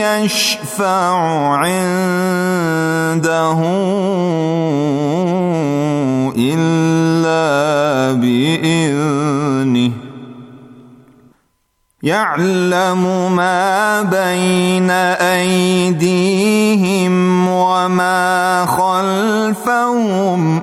يشفع عنده إلا بإذنه يعلم ما بين أيديهم وما خلفهم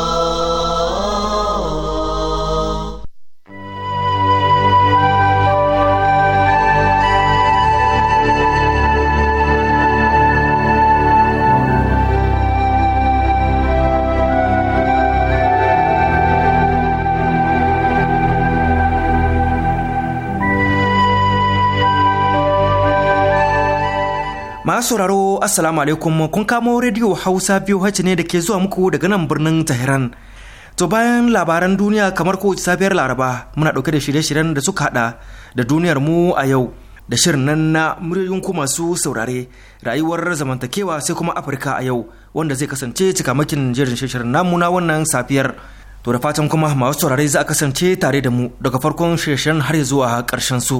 Masu sauraro Assalamu alaikum kun kamo rediyo Hausa biyu hace ne da ke zuwa muku daga nan birnin Tehran. To bayan labaran duniya kamar ko safiyar Laraba muna ɗauke da shirye-shiryen da suka hada da duniyar mu a yau da shirin nan na muryoyin ku masu saurare rayuwar zamantakewa sai kuma Afirka a yau wanda zai kasance cikamakin jerin shirin namu na wannan safiyar. To da fatan kuma masu saurare za a kasance tare da mu daga farkon shirye-shiryen har zuwa karshen su.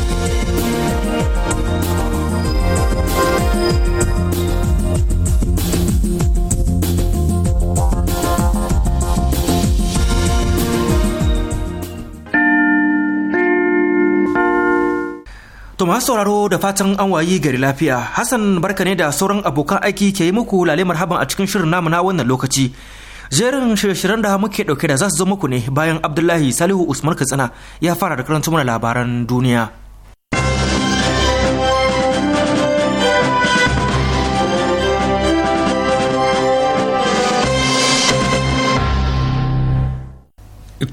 To masu sauraro da fatan an wayi gari lafiya. Hassan barka ne da sauran abokan aiki ke yi muku lale marhaban a cikin shirin namu na wannan lokaci. Jerin shirye-shiryen da muke dauke da za su zo muku ne bayan Abdullahi Salihu Usman Katsina ya fara da karanta mana labaran duniya.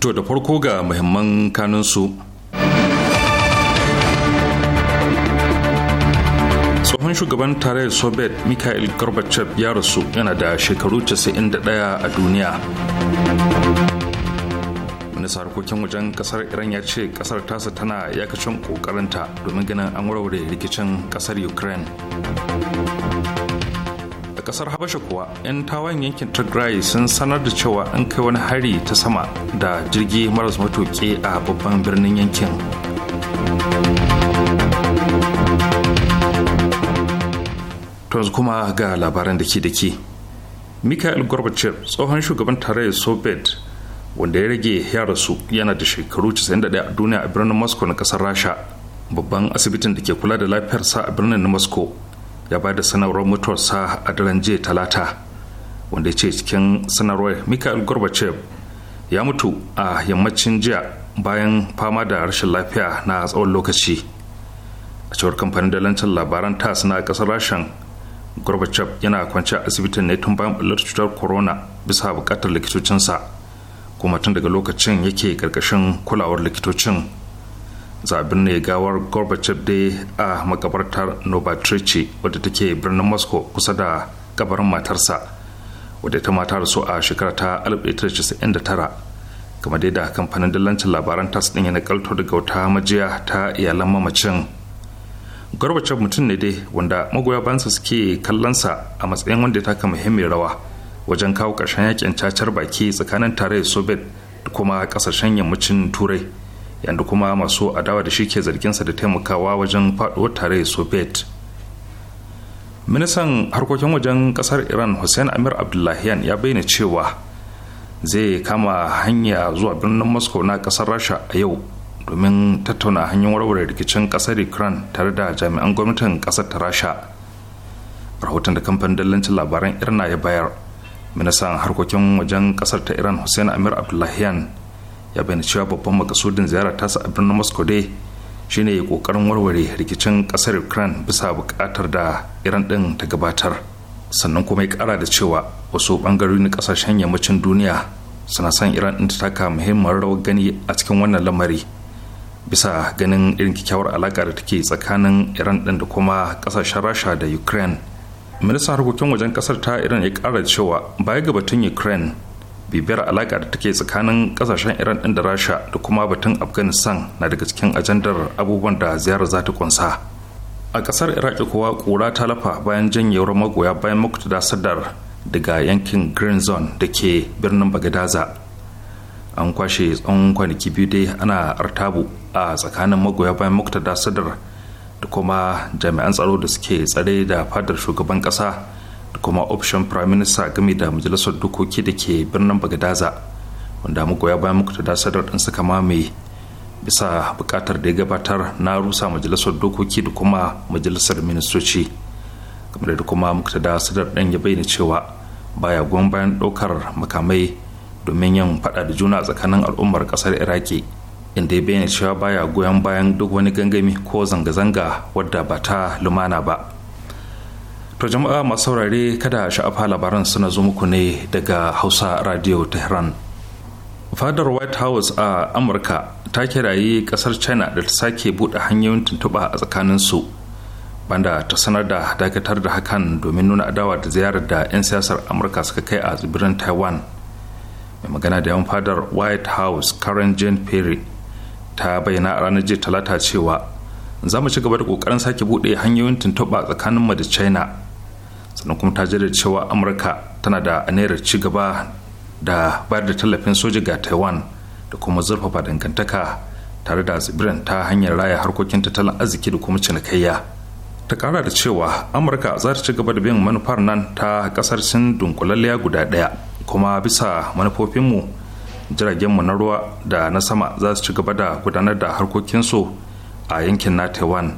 To da farko ga muhimman kanunsu. su tsohon shugaban tarayyar soviet mikhail gorbachev ya rasu yana da shekaru 91 a duniya minista harkokin wajen kasar iran ya ce kasar tasa tana yakacin kokarinta domin ganin an warware rikicin kasar ukraine a kasar habasha kuwa 'yan tawan yankin tigray sun sanar da cewa an kai wani hari ta sama da jirgi maras matuƙi a babban birnin yankin to yanzu kuma ga labaran da ke da ke mikhail gorbachev tsohon shugaban tarayyar soviet wanda ya rage ya rasu yana da shekaru 91 a duniya a birnin moscow na kasar rasha babban asibitin da ke kula da lafiyarsa a birnin na moscow ya ba da sanarwar mutuwarsa a daren jiya talata wanda ya ce cikin sanarwar mikhail gorbachev ya mutu a yammacin jiya bayan fama da rashin lafiya na tsawon lokaci a cewar kamfanin dalancin labaran tas na kasar rashan gorbachev yana kwance a asibitin ne tun bayan bullar cutar corona bisa bukatar likitocinsa kuma tun daga lokacin yake karkashin kulawar likitocin zabin ne gawar gorbachev dai a makabartar novatrice wadda take birnin moscow kusa da kabarin matarsa wadda ta mata rasu a shekara ta 1999 kamar dai da kamfanin dillancin labaran tas din ya nakalto daga wata majiya ta iyalan mamacin garbace mutum ne dai wanda magoya bansa suke kallonsa a matsayin wanda ya taka muhimmin rawa wajen kawo ƙarshen yakin cacar baki tsakanin tarayyar soviet da kuma ƙasashen yammacin turai yanda kuma masu adawa da shi ke zarginsa da taimakawa wajen faɗuwar tarayyar soviet ministan harkokin wajen ƙasar iran hussein amir abdullahian ya bayyana cewa zai kama hanya zuwa birnin moscow na ƙasar rasha a yau domin tattauna hanyar warware rikicin kasar ukraine tare da jami'an gwamnatin kasar ta rasha rahoton da kamfanin dallancin labaran irna ya bayar ministan harkokin wajen kasar ta iran hussein amir abdullahian ya bayyana cewa babban makasudin ziyarar sa a birnin moscow dai shine kokarin warware rikicin kasar ukraine bisa bukatar da iran din ta gabatar sannan kuma ya kara da cewa wasu bangarori na kasashen yammacin duniya suna son iran din ta taka muhimmiyar rawar gani a cikin wannan lamari bisa ganin irin kyakkyawar alaƙa da take tsakanin iran ɗin da kuma ƙasashen rasha da ukraine ministan harkokin wajen ƙasar ta iran ya ƙara cewa baya ga batun ukraine bibiyar alaƙa da take tsakanin ƙasashen iran ɗin da rasha da kuma batun afghanistan na daga cikin ajandar abubuwan da ziyarar za ta kunsa a ƙasar iraki kowa ƙura ta lafa bayan janyewar magoya bayan muktada sadar daga yankin green zone da ke birnin bagadaza an kwashe tsawon kwanaki biyu dai ana artabu a tsakanin magoya bayan muktada sadar da kuma jami'an tsaro da suke tsare da fadar shugaban kasa da kuma option prime minister game da majalisar dokoki da ke birnin bagadaza wanda magoya bayan muktada sadar din suka mamaye bisa bukatar da ya gabatar na rusa majalisar dokoki da kuma majalisar ministoci kamar da kuma muktada sadar din ya bayyana cewa baya goyon bayan ɗaukar makamai domin yin fada da juna tsakanin al'ummar kasar iraki inda ya bayyana cewa baya goyon bayan duk wani gangami ko zanga-zanga wadda ba ta lumana ba to jama'a masu saurare kada sha'afa labaran suna zo muku ne daga hausa radio tehran fadar white house a amurka ta kirayi kasar china da ta sake buɗe hanyoyin tuntuɓa a tsakanin su banda ta sanar da dakatar da hakan domin nuna adawa da ziyarar da 'yan siyasar amurka suka kai a tsibirin taiwan mai magana da 'yan fadar white house karen jane perry ta bayyana a ranar jiya talata cewa za mu ci gaba da kokarin sake bude hanyoyin tuntuɓa tsakanin mu da china sannan kuma ta jaddada cewa amurka tana da aniyar ci gaba da bayar da tallafin soja ga taiwan da kuma zurfafa dangantaka tare da tsibirin ta hanyar raya harkokin tattalin arziki da kuma cinikayya ta kara da cewa amurka za ta ci gaba da biyan manufar nan ta kasar sin dunkulalliya guda ɗaya kuma bisa manufofinmu jiragenmu na ruwa da na sama za su ci gaba da gudanar da harkokinsu a yankin na taiwan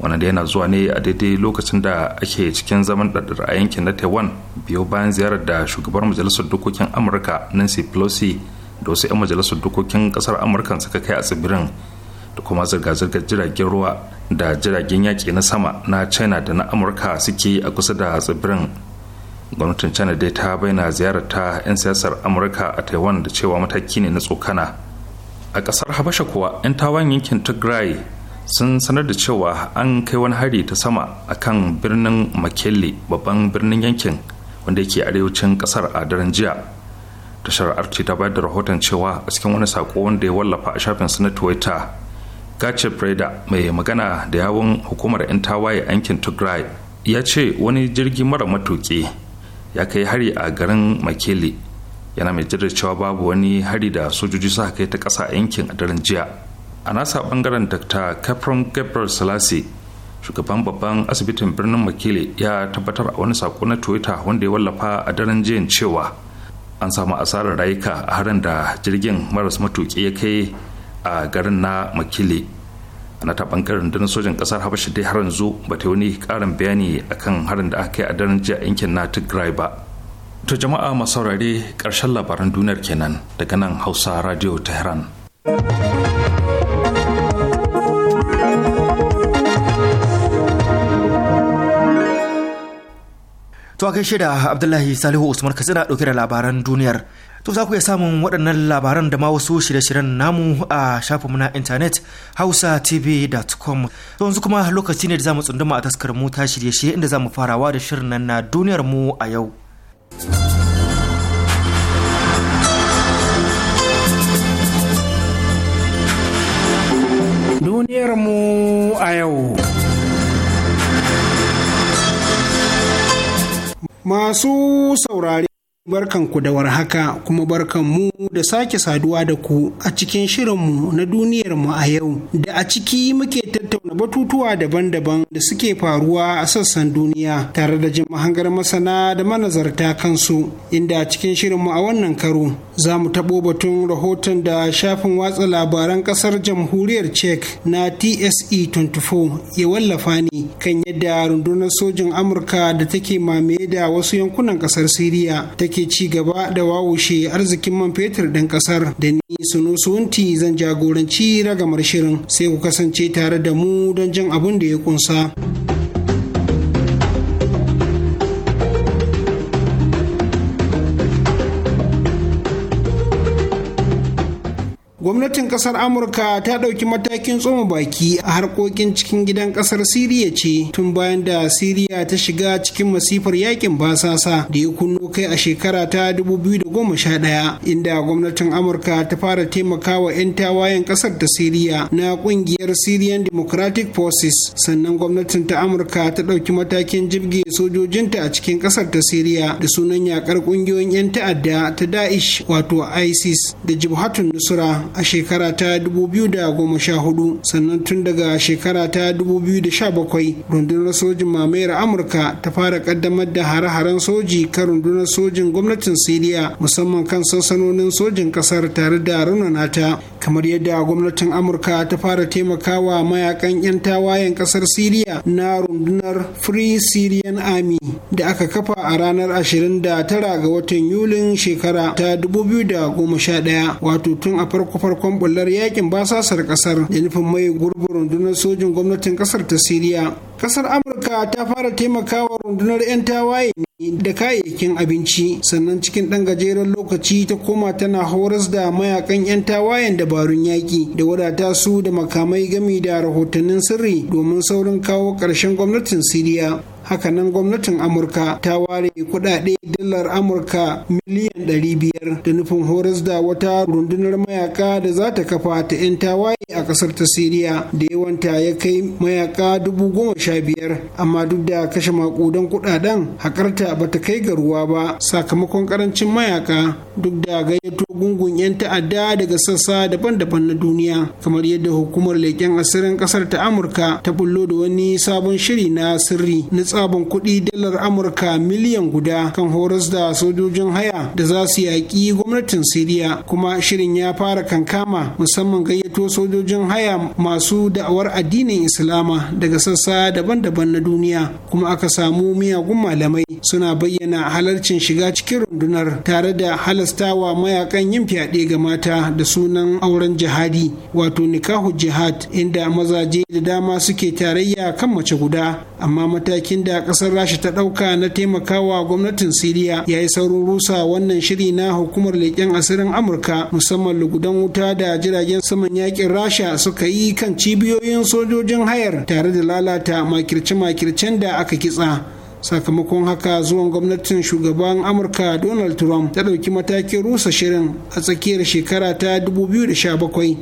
wanda da yana zuwa ne a daidai lokacin da ake cikin zaman ɗaɗɗar a yankin na taiwan biyo bayan ziyarar da shugabar majalisar dokokin amurka nancy pelosi da wasu 'yan majalisar dokokin ƙasar amurka suka kai a tsibirin da kuma zirga-zirgar jiragen ruwa da jiragen yaƙi na sama na china da na amurka suke a kusa da tsibirin gwamnatin china dai ta bayyana ziyarar ta 'yan siyasar amurka a taiwan da cewa mataki ne na tsokana a kasar habasha kuwa 'yan tawan yankin tigray sun sanar da cewa an kai wani hari ta sama a kan birnin makelle babban birnin yankin wanda yake arewacin kasar a daren jiya tashar rt ta bayar da rahoton cewa a cikin wani sako wanda ya wallafa a shafin su na twitter gace breda mai magana da yawon hukumar 'yan tawaye a yankin tigray ya ce wani jirgi mara matuƙi ya kai hari a garin makele yana mai jirar cewa babu wani hari da sojoji suka kai ta ƙasa a yankin a daren jiya a nasa bangaren dr capron gabriel salasi shugaban babban asibitin birnin makele ya tabbatar a wani sako na twitter wanda ya wallafa a daren jiyan cewa an samu asarar rayuka a harin da jirgin maras matuki ya kai a garin na makile ana ta bangaren rundunar sojan kasar habasha dai har yanzu ba ta wani karin bayani akan harin da aka yi a daren jiya yankin na tigray ba to jama'a masu saurare karshen labaran duniyar kenan daga nan hausa radio tehran to kai shida abdullahi salihu usman katsina ɗauke da labaran duniyar To za ku iya samun waɗannan labaran da ma wasu shirye-shiryen namu a shafinmu na intanet hausatv.com. To yanzu kuma lokaci ne da za mu tsunduma a taskar mu ta shirye-shirye inda za mu farawa da shirin nan na duniyar mu a yau. Duniyar mu a yau. Masu saurari. Barkan ku da warhaka kuma barkan mu da sake saduwa da ku a cikin shirinmu na duniyar mu a yau da a ciki muke tattauna batutuwa daban-daban da suke faruwa a sassan duniya tare da jin mahangar masana da manazarta kansu inda a cikin shirinmu a wannan karo za mu taɓo batun rahoton da shafin watsa labaran ƙasar jamhuriyar czech na tse 24 ya wallafa ne kan yadda rundunar sojin amurka da take mamaye da wasu yankunan ƙasar siriya take ci gaba da wawushe arzikin man fetur ɗin ƙasar da ni suno suwunti zan jagoranci ragamar shirin sai ku kasance tare da mu don jin abin da ya ƙunsa. not. kasar amurka ta ɗauki matakin tsoma baki a harkokin cikin gidan kasar siriya ce tun bayan da siriya ta shiga cikin masifar yakin basasa da ya kunno kai a shekara ta 2011 inda gwamnatin amurka ta fara taimakawa 'yan tawayen kasar ta siriya na kungiyar syrian democratic forces sannan gwamnatin ta amurka ta ɗauki matakin jirge sojojinta a cikin kasar ta siriya da sunan yakar kungiyoyin 'yan ta'adda ta da'ish wato isis da jibhatun nusra a shekara shekara ta 2014 sannan tun daga shekara ta 2017 rundunar sojin mamayar amurka ta fara kaddamar da hare-haren soji kan rundunar sojin gwamnatin siriya musamman kan sansanonin sojin kasar tare da nata kamar yadda gwamnatin amurka ta fara taimakawa mayakan 'yan tawayen kasar siriya na rundunar free syrian army da aka kafa a ranar 29 ga watan yulin shekara ta 2011 wato tun a farko-farkon kullar yakin basasar kasar da nufin mai gurbin rundunar sojin gwamnatin ƙasar ta siriya kasar amurka ta fara taimakawa rundunar 'yan tawaye ne da kayayyakin abinci sannan cikin ɗan gajeren lokaci ta koma tana horas da mayakan 'yan tawayen dabarun yaƙi da wadata su da makamai gami da rahotannin sirri domin saurin kawo ƙarshen gwamnatin siriya hakanan gwamnatin amurka ta ware kudade dalar amurka miliyan 500 da nufin horas da wata rundunar mayaka da za ta kafa ta 'yan tawaye a kasar ta siriya da yawanta ya kai mayaka dubu goma sha sha biyar amma duk da kashe makudan kudaden hakarta ba ta kai ga ruwa ba sakamakon karancin mayaka duk da gayyato gungun 'yan ta'adda daga sassa daban-daban na duniya kamar yadda hukumar leƙen asirin ƙasar ta amurka ta bullo da wani sabon shiri na sirri na tsabon kuɗi dalar amurka miliyan guda kan horas da sojojin haya da za su yaƙi gwamnatin siriya kuma shirin ya fara kankama musamman gayyato sojojin haya masu da'awar addinin islama daga sassa da daban-daban na duniya kuma aka samu miyagun malamai suna bayyana halarcin shiga cikin rundunar tare da halastawa mayakan yin fyaɗe ga mata da sunan auren jihadi wato nikahu jihad inda mazaje da dama suke tarayya kan mace guda amma matakin da ƙasar rasha ta ɗauka na taimakawa gwamnatin siriya ya yi saurin rusa wannan shiri na hukumar leƙen asirin amurka musamman lugudan wuta da jiragen saman yakin rasha suka yi kan cibiyoyin sojojin hayar tare da lalata makirce-makircen da aka kitsa sakamakon haka zuwan gwamnatin shugaban amurka donald trump ta ɗauki matakin rusa shirin a tsakiyar shekara ta 2017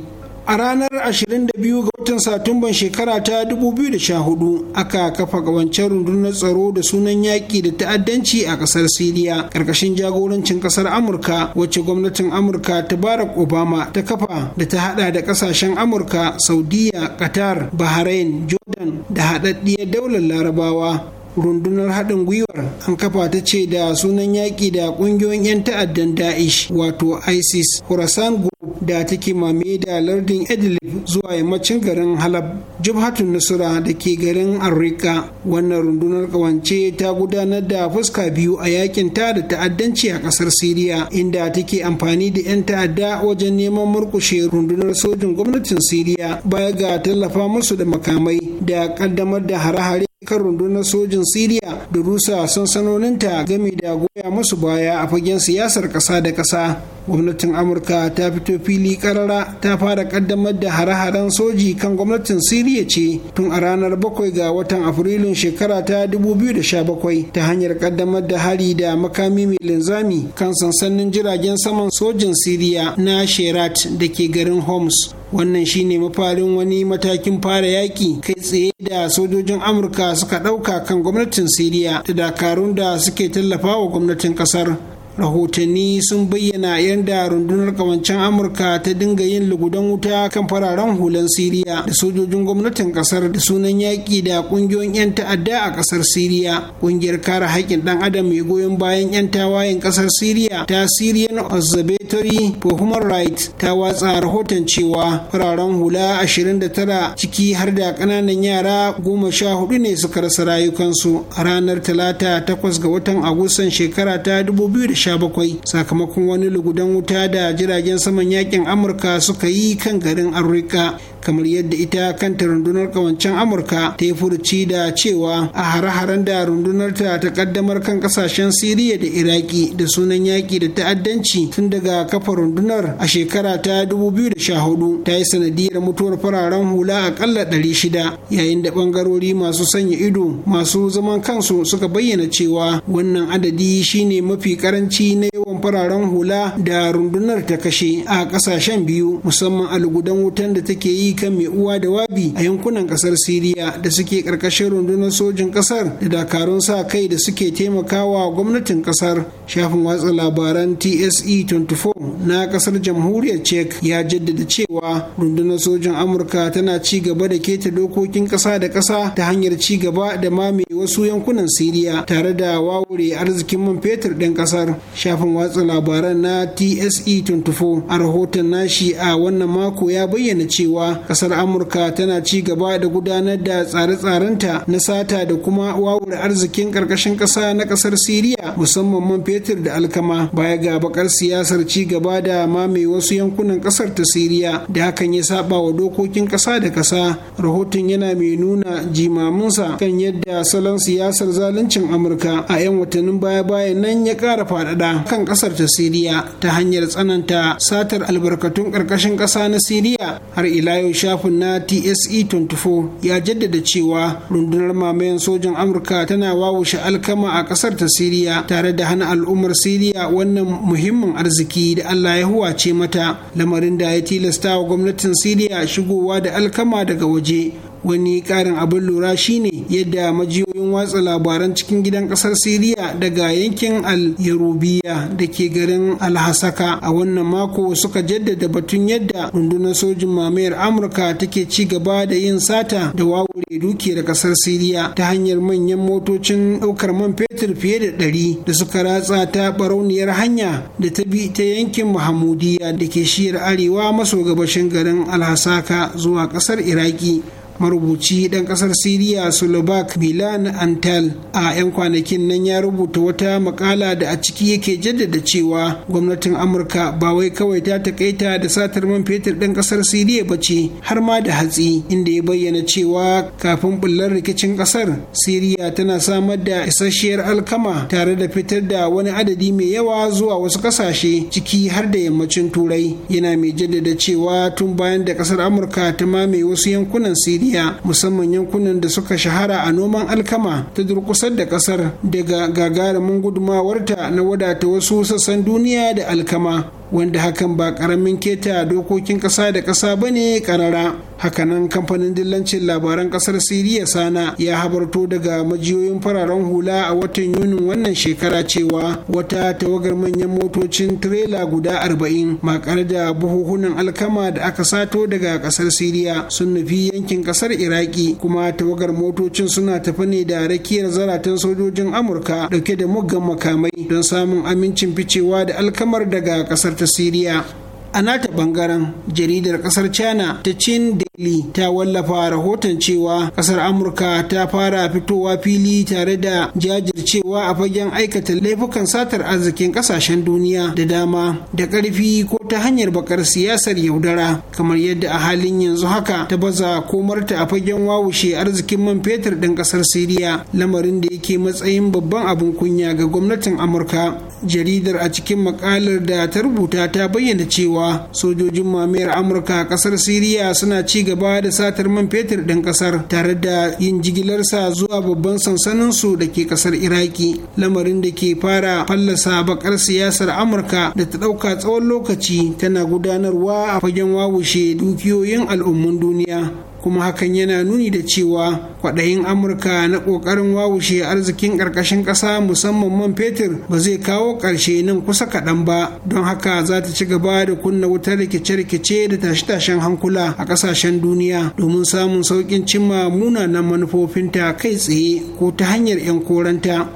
A ranar 22 ga watan Satumban shekara ta 2014 aka kafa wancan rundunar tsaro da sunan yaƙi da ta'addanci a ƙasar Siriya ƙarƙashin jagorancin ƙasar Amurka wacce gwamnatin Amurka ta barak Obama ta kafa da ta haɗa da ƙasashen Amurka, Saudiya, Qatar, Bahrain, Jordan da haɗaɗɗiyar daular Larabawa. rundunar haɗin gwiwar an kafa ta ce da sunan yaƙi da ƙungiyoyin 'yan ta'addan da'ish wato isis khorasan group da take mame da lardin idlib zuwa yammacin garin halab jubhatun nusra da ke garin arrika wannan rundunar ƙawance ta gudanar da fuska biyu a yakin ta da ta'addanci a ƙasar siriya inda take amfani da 'yan ta'adda wajen neman murkushe rundunar sojin gwamnatin siriya baya ga tallafa musu da makamai da ƙaddamar da hare-hare kan rundunar sojin siriya da rusa sansanoninta game da goya musu baya a fagen siyasar ƙasa da ƙasa gwamnatin amurka ta fito fili karara ta fara kaddamar da hare-haren soji kan gwamnatin siriya ce tun a ranar 7 ga watan afrilun shekara ta 2017 ta hanyar kaddamar da hari da makami mai linzami kan sansanin jiragen saman sojin siriya na sherat da ke garin homs wannan shine mafarin wani matakin fara yaki kai tsaye da sojojin amurka suka ɗauka kan gwamnatin siriya da dakarun da suke tallafa wa gwamnatin ƙasar rahotanni sun bayyana yadda rundunar kamancin amurka ta dinga yin lugudan wuta kan fararen hulan siriya da sojojin gwamnatin kasar da sunan yaƙi da ƙungiyoyin 'yan ta'adda a kasar siriya ƙungiyar kare haƙƙin ɗan adam mai goyon bayan 'yan tawayen kasar siriya ta syrian observatory for human rights ta watsa rahoton cewa fararen hula 29 ciki har da ƙananan yara 14 ne suka rasa rayukansu a ranar talata 8 ga watan agustan shekara ta 2011. 17 sakamakon wani lugudan wuta da jiragen saman yakin amurka suka yi kan garin amurka kamar yadda ita kanta rundunar kawancen amurka ta yi furuci da cewa a hare-haren da rundunar ta ta kaddamar kan kasashen siriya da iraki da sunan yaƙi da ta'addanci tun daga kafa rundunar a shekara ta 2014 ta yi sanadiyar mutuwar fararen hula akalla shida, yayin da bangarori masu sanya ido masu zaman kansu suka bayyana cewa wannan adadi shine mafi karanci na yawan fararen hula da rundunar ta kashe a kasashen biyu musamman a lugudan wutan da take yi kan mai uwa da wabi a yankunan kasar siriya da suke karkashin rundunar sojin kasar da dakarun sa kai da suke taimakawa gwamnatin kasar shafin watsa labaran tse 24 na kasar jamhuriyar cek ya jaddada cewa rundunar sojin amurka tana ci gaba da keta dokokin kasa da kasa ta hanyar ci gaba da mame wasu yankunan siriya tare da wawure arzikin man fetur ɗin kasar shafin watsa labaran na tse 24 a rahoton nashi a wannan mako ya bayyana cewa Ƙasar kasar amurka tana ci gaba da gudanar da tsare-tsarenta na sata da kuma wawure arzikin karkashin kasa na kasar siriya musamman man fetur da alkama baya ga bakar siyasar ci gaba da mame wasu yankunan kasar ta siriya da hakan ya saba wa dokokin kasa da kasa rahoton yana mai nuna jimaminsa kan yadda salon siyasar zaluncin amurka a 'yan watannin baya-bayan nan ya kara faɗaɗa kan kasar ta siriya ta hanyar tsananta satar albarkatun karkashin kasa na siriya har ila mai shafin na tse 24 ya jaddada cewa rundunar mamayan sojan amurka tana wawushe alkama a kasar ta siriya tare da hana al'ummar siriya wannan muhimmin arziki da allah ya huwace mata lamarin da ya tilasta wa gwamnatin siriya shigowa da alkama daga waje wani karin abin lura shine yadda majiyoyin watsa labaran cikin gidan kasar siriya daga yankin al-yarubiya da ke garin alhasaka a wannan mako suka jaddada batun yadda rundunar sojin mamayar amurka take ci gaba da yin sata da wawure dukiyar kasar siriya ta hanyar manyan motocin ɗaukar man fetur fiye da ɗari da suka ratsa ta barauniyar hanya da ta bi ta yankin mahamudiya da ke shiyar arewa maso gabashin garin alhasaka zuwa kasar iraki marubuci ɗan ƙasar siriya sulobak milan antal a 'yan kwanakin nan ya rubuta wata makala da a ciki yake jaddada cewa gwamnatin amurka ba wai kawai ta takaita da satar man fetur ɗan ƙasar siriya ba ce har ma da hatsi inda ya bayyana cewa kafin bullar rikicin ƙasar siriya tana samar da isasshiyar alkama tare da fitar da wani adadi mai yawa zuwa wasu ƙasashe ciki har da yammacin turai yana mai jaddada cewa tun bayan da ƙasar amurka ta mame wasu yankunan siriya duniya musamman yankunan da suka shahara a noman alkama ta durkusar da kasar daga gagarumin gudumawarta na wadata wasu sassan duniya da alkama wanda hakan ba karamin keta dokokin ƙasa da ƙasa ba ne ƙarara hakanan kamfanin dillancin labaran ƙasar siriya sana ya habarto daga majiyoyin fararen hula a watan yunin wannan shekara cewa wata tawagar manyan motocin tirela guda arba'in makare da buhuhunan alkama da aka sato daga ƙasar siriya sun nufi yankin ƙasar iraki kuma tawagar motocin suna tafi ne da rakiyar zaratan sojojin amurka dauke da muggan makamai don samun amincin ficewa da alkamar daga ƙasar the CD app. a nata bangaren jaridar kasar china ta chin daily ta wallafa rahoton cewa kasar amurka ta fara fitowa fili tare da jajircewa a fagen aikata laifukan satar arzikin kasashen duniya da dama da karfi ko ta hanyar bakar siyasar yaudara kamar yadda a halin yanzu haka ta baza komarta a fagen wawushe arzikin man fetur ɗin kasar siriya lamarin da yake matsayin babban abin kunya ga gwamnatin amurka jaridar a cikin makalar da ta rubuta ta bayyana cewa cewa sojojin mamayar amurka a kasar siriya suna ci gaba da satar man fetur ɗin kasar tare da yin jigilarsa zuwa babban sansanin su da ke kasar iraki lamarin da ke fara fallasa bakar siyasar amurka da ta ɗauka tsawon lokaci tana gudanarwa a fagen wawushe dukiyoyin al'ummun duniya kuma hakan yana nuni da cewa kwaɗayin amurka na ƙoƙarin wawushe arzikin ƙarƙashin ƙasa musamman man fetur ba zai kawo ƙarshe nan kusa kaɗan ba don haka za ta ci gaba da kunna wutar rikice-rikice da tashe-tashen hankula a ƙasashen duniya domin samun sauƙin cimma munanan manufofinta kai tsaye ko ta hanyar 'yan koranta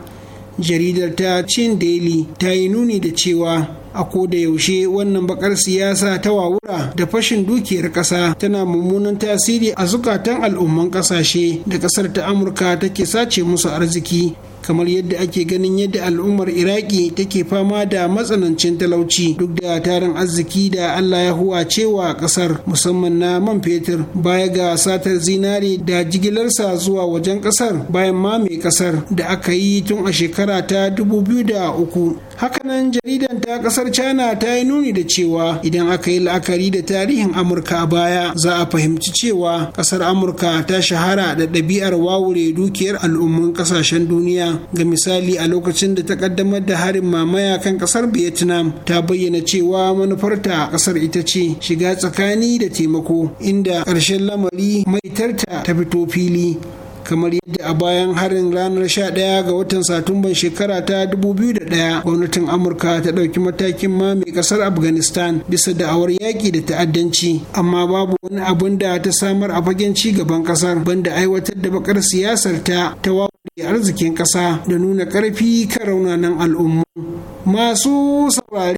jaridar ta chin daily ta yi nuni da cewa a ko da yaushe wannan bakar siyasa ta wawura da fashin dukiyar ƙasa tana mummunan tasiri a zukatan al'umman ƙasashe da ƙasar ta amurka take sace musu arziki kamar yadda ake ganin yadda al'ummar iraki take fama da matsanancin talauci duk da tarin arziki da allah ya huwa wa kasar musamman na man fetur baya ga satar zinari da jigilarsa zuwa wajen kasar bayan mame kasar da aka yi tun a shekara ta da uku. hakanan jaridan ta kasar china ta yi nuni da cewa idan aka yi la'akari da tarihin amurka a baya za a fahimci cewa kasar amurka ta shahara da ɗabi'ar wawure dukiyar al'ummun kasashen duniya ga misali a lokacin da ta kaddamar da harin mamaya kan kasar vietnam ta bayyana cewa manufarta kasar ita ce shiga tsakani da taimako inda ƙarshen lamari mai tarta ta fito fili kamar yadda a bayan harin ranar 11 ga watan satumban shekara ta 2001 gwamnatin amurka ta ɗauki matakin ma mai ƙasar afghanistan bisa da'awar yaƙi da ta'addanci amma babu wani abin da ta samar a fagen ci gaban ƙasar banda aiwatar da bakar siyasar ta ta arzikin ƙasa da nuna ƙarfi kan raunanan al'ummu masu saurari.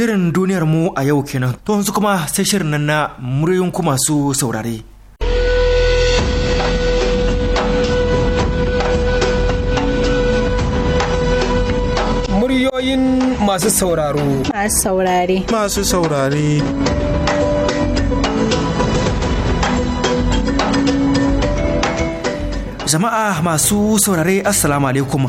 Shirin duniyar mu a yau kenan. To yanzu kuma sai shirin nan na muryoyin ku masu saurare. Muryoyin masu sauraro. Masu saurare. Masu saurare. Jama'a masu saurare Assalamu alaikum.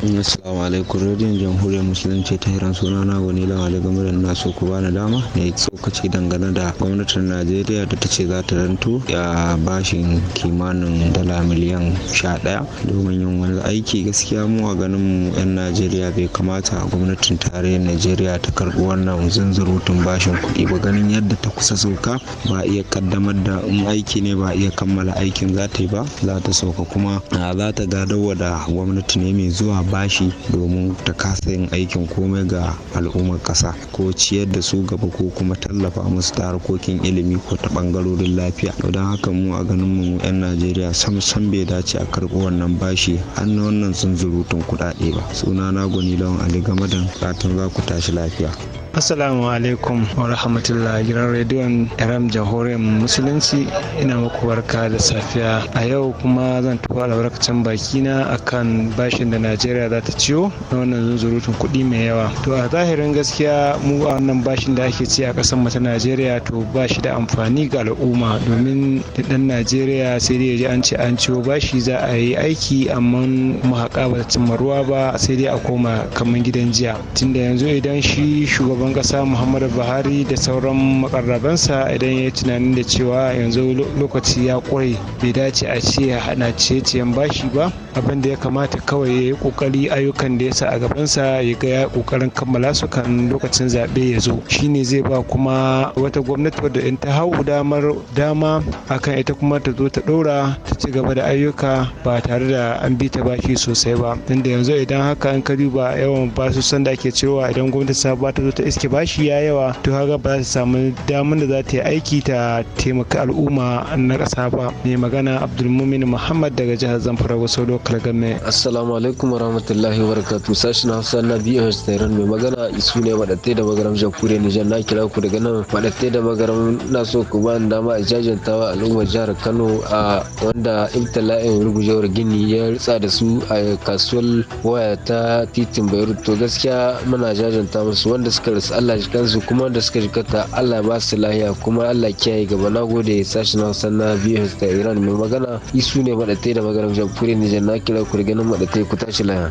Assalamu alaikum radiyon jamhuriyar musulunci ta hiran suna na wani lawa da game na so ku bani dama na yi tsokaci dangane da gwamnatin Najeriya da ta ce za ta rantu ya bashin kimanin dala miliyan sha ɗaya domin yin wani aiki gaskiya mu a ganin mu 'yan Najeriya bai kamata gwamnatin tarayyar Najeriya ta karbi wannan zunzurutun bashin kuɗi ba ganin yadda ta kusa sauka ba iya kaddamar da in aiki ne ba iya kammala aikin za ta yi ba za ta sauka kuma za ta gadawa da gwamnati ne mai zuwa bashi domin ta kasa yin aikin komai ga al'ummar kasa ko ciyar da su gaba ko kuma tallafa musu ta harkokin ilimi ko ta bangarorin lafiya don haka mu a ganin mu 'yan najeriya sam sam bai dace a karɓi wannan bashi har na wannan sun zurutun kuɗaɗe ba suna na gwani lawan ali gamadan fatan za ku tashi lafiya Assalamu alaikum wa rahmatullah gidan rediyon Iram Jamhuriyar Musulunci ina muku barka da safiya a yau kuma zan tuba albarkacin bakina akan bashin da Najeriya za ta ciyo na wannan zunzurutun kuɗi mai yawa. To a zahirin gaskiya mu a wannan bashin da ake ci a ƙasar mata Najeriya to ba shi da amfani ga al'umma domin da ɗan Najeriya sai dai ya ji an ce an ciwo bashi za a yi aiki amma haƙa ba ta cimma ruwa ba sai dai a koma kamar gidan jiya. Tunda yanzu idan shi shugaban shugaban kasa muhammadu buhari da sauran makarrabansa idan ya tunanin da cewa yanzu lokaci ya kware bai dace a ce ya hana ciye-ciyen bashi ba abin da ya kamata kawai ya yi kokari ayyukan da ya sa a gabansa ya ga ya kokarin kammala su kan lokacin zaɓe ya zo shine zai ba kuma wata gwamnati wadda in ta hau damar dama akan ita kuma ta zo ta ɗora ta ci gaba da ayyuka ba tare da an bi ta bashi sosai ba tunda yanzu idan haka an ka duba yawan basu sanda ake cewa idan gwamnati ta ba ta zo ta iske shi ya yawa to haka ba za ta samu damar da za ta yi aiki ta taimaka al'umma na ƙasa ba mai magana abdulmumin muhammad daga jihar zamfara wasu lokal game assalamu alaikum warahmatullahi wabarakatuh na hausa na biyu taron mai magana isu ne madatai da magaram jamhuriyar nijar na kira ku daga nan madatai da magaram na so ku ba dama a jajantawa al'ummar jihar kano a wanda ibtila'in rugujewar gini ya ritsa da su a kasuwar waya ta titin bayero to gaskiya muna jajanta musu wanda suka su Allah ya kansu kuma da suka jikata Allah ba su lahiya kuma Allah kiyaye gaba na gode sashen Hausa na biyu ta Iran mai magana isu ne madatai da maganar jamfuri ne na kira ku ganin madatai ku tashi lahiya.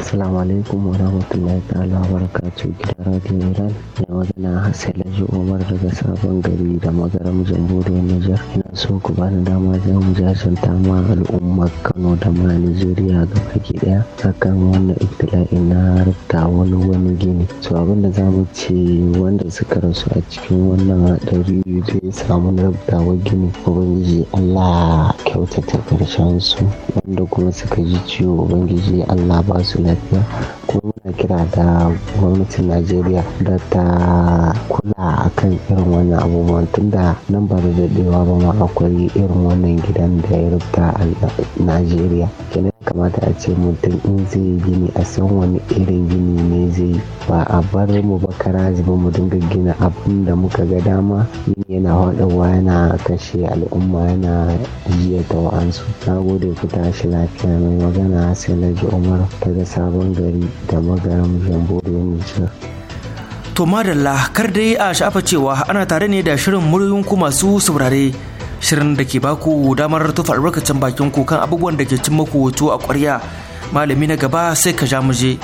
Assalamu alaikum wa rahmatullahi ta'ala wa barakatuh gidan Radio Iran ya magana Hassan Laji Umar daga sabon gari da magaram Jamhuriyar Nijar so ku bani dama zan mu jajanta ma al'ummar kano da ma nigeria ga baki daya akan wannan ibtila'i na rufta wani wani gini to abin da za mu ce wanda suka rasu a cikin wannan haɗari zai samu na rubutawa gini ubangiji allah kyautata karshen su wanda kuma suka ji ciwo ubangiji allah ba su lafiya kuma ana kira da gwamnatin najeriya da ta kula akan irin wannan abubuwan tunda nan ba da daɗewa ba ma akwai irin wannan gidan da ya rubuta a najeriya kenan kamata a ce mutum in zai yi gini a san wani irin gini ne zai yi ba a bar mu ba kara ba mu dinga gina abin da muka ga dama gini yana haɗawa yana kashe al'umma yana jiya ta wa'ansu na gode ku tashi lafiya mai magana sai na ji umar ga sabon gari da ma magaram jamhuriyar nijar to madalla kar dai a sha'afa cewa ana tare ne da shirin muryoyin ku masu saurare shirin da ke baku damar tufa albarkacin bakin ku kan abubuwan da ke cin maku wato a ƙwarya malami na gaba sai ka ja muje